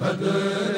ad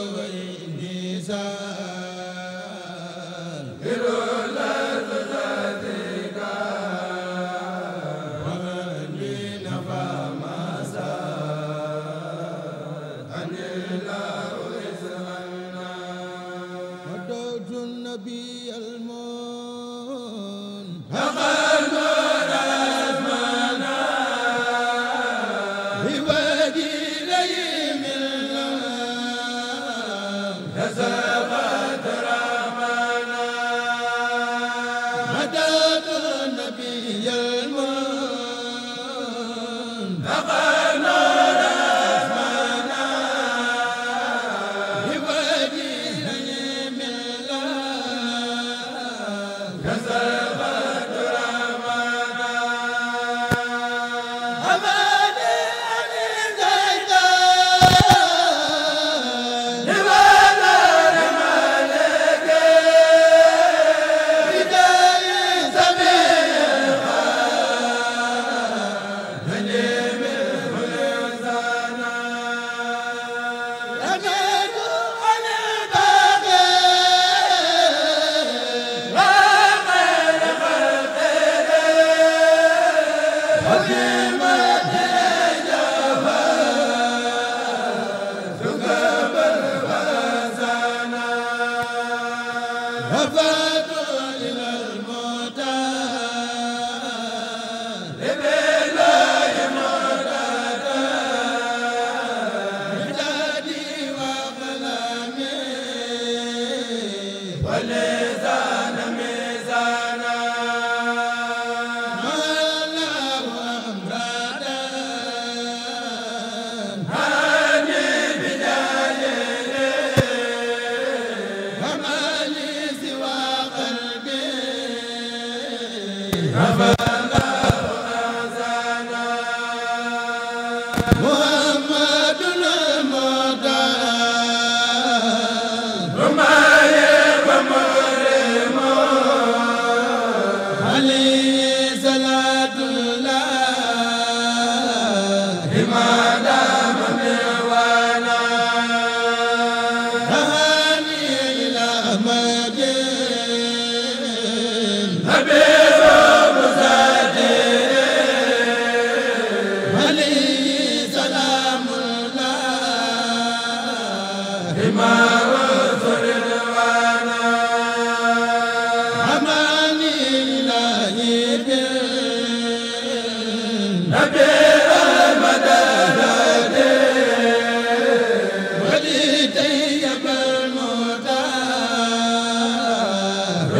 wa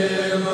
léew